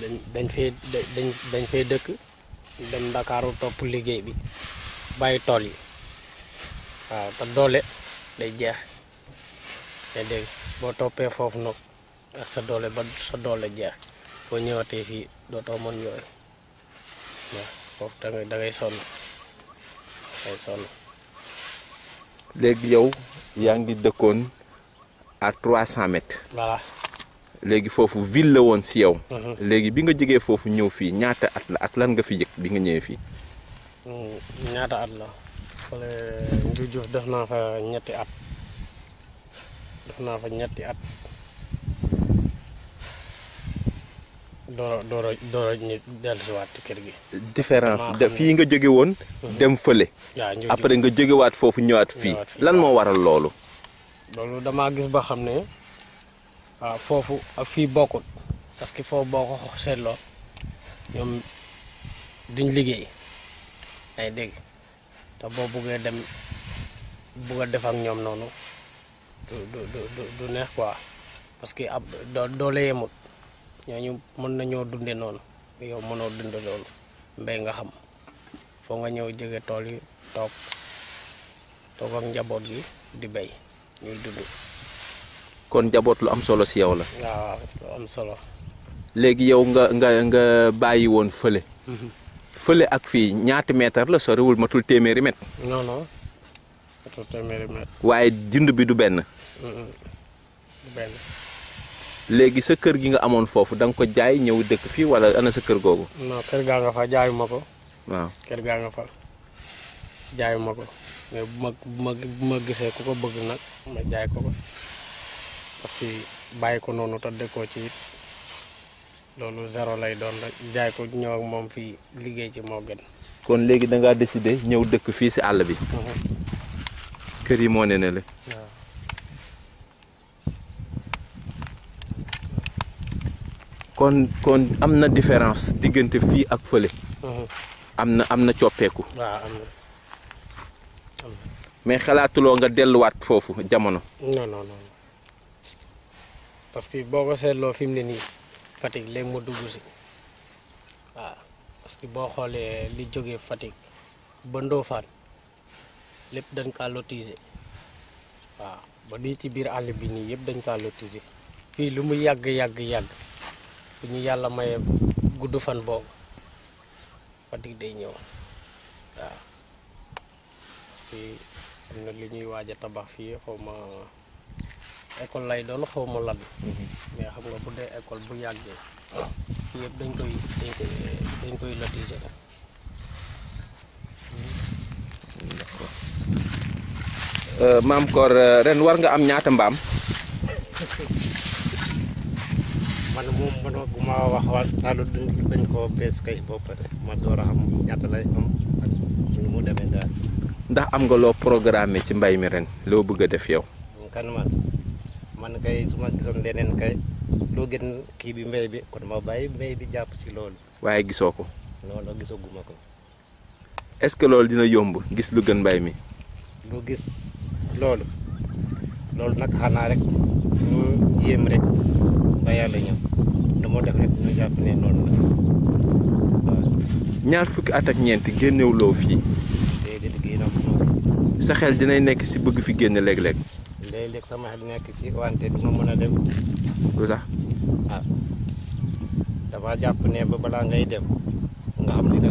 dañ dañ fee dañ dañ fee dëkk dem ndakaaru topp liggéey bi bàyyi tool yi waaw te doole day jeex te boo toppee foofu nag ak sa doole ba sa doole jeex boo ñëwatee fii dootoo mën yooyu waaw foofu tamit da sonn da sonn. léegi yow yaa ngi dëkkoon à 300 mètres. voilà. Lagi fofu ville la woon si yow. Mhm. léegi bi nga jógee fofu ñëw fi ñaata at la ak lan nga fi yëg bi nga ñëwee fi mm, ñaata at la ngi jox def na fa ñetti at def na fa ñetti at doro doro doro ñi door ci ñu kër gi. différence fi nga jóge won mhm. dem fële. après nga jógewaat fofu ñëwaat fi lan mo waral lolu lolu dama gis ba waaw foofu ak fii bokkut parce que foofu boo ko seetloo ñoom duñ liggéey ay dégg te boo buggee dem bugg a def ak ñoom noonu du du du neex quoi parce que ab doo doole yemut ñooñu mën nañoo dunde noonu yow mënoo dund loolu mbéy nga xam foo nga ñëw jege tool yi toog toog ak njaboot yi di béy ñuy dund kon jaboot lu am solo si yow la. solo. léegi yow nga nga nga bàyyi woon fële. Mhm. fële ak fii ñaati meetar la sorewul matul téeméeri mètre. non waaye dund bi du benn. léegi sa kër gi nga amoon foofu danga ko jaay ñëw dëkk fii wala ana sa kër googu. non kër gaa nga fa jaayu ma ko. waaw kër gaa nga fa jaayu ma ko bu ma bu ma gisee ku ko bëgg nag ma jaay ko ko. parce que bàyyi ko noonu te dëkkoo ci it loolu zéro lay doon rek jaay ko ñëw moom fii liggéey ci moo gën. kon léegi da ngaa décider ñëw dëkk fii si àll bi. Mhm. kër yi moo ne ne kon kon am na différence diggante fii ak fële. Mhm. am na am na coppeeku. mais xalaatuloo nga delluwaat foofu jamono. parce que boko ko seetloo ni fatik ne mo Fatick ci wa parce que bo xolé li joggé fatik ba Ndofane lepp dañ ka lotiser wa ba ni ci bir all bi ni yeb dañ ka lotiser fi lu mu yag yag yag ñu yalla maye guddu fan bok fatik day ñew wa parce que am li ñuy waja tabax fi xawma école lay doon xaw lan mhm. mais xam nga bu dee école bu yàggee yëpp dañ koy dañ koy dañ koy latiser euh, maam koor euh, ren war nga am ñaata mbaam man moom mënaguma wax wax talu dund dañ koo bees kay ba pare ma door a am ñaata lay am ak ñu mu demee daal ndax am nga loo programme ci mbay mi ren loo bëgg a def yow kan man man kay su ma gisoon leneen kay loo gën kii bi mbay bi kon ma bàyyi mbay bi jàpp ci loolu. waaye gisoo ko. non non gisaguma ko. est-ce que loolu dina yomb gis lu gën mbay mi. lu gis loolu loolu nag xanaa rek ñu jéem rek ba yàlla ñëw lu moo def rek ñu jàpp ne noonu la ñaar fukki at ak ñeent génnewuloo fii. déedéet génn sa xel dinay nekk si bëgg fi génn léeg-léeg. léeg-léeg sama xel nekk ci wante du ma mën a dem. lu tax. ah dama jàpp ne ba balaa ngay dem nga xam li nga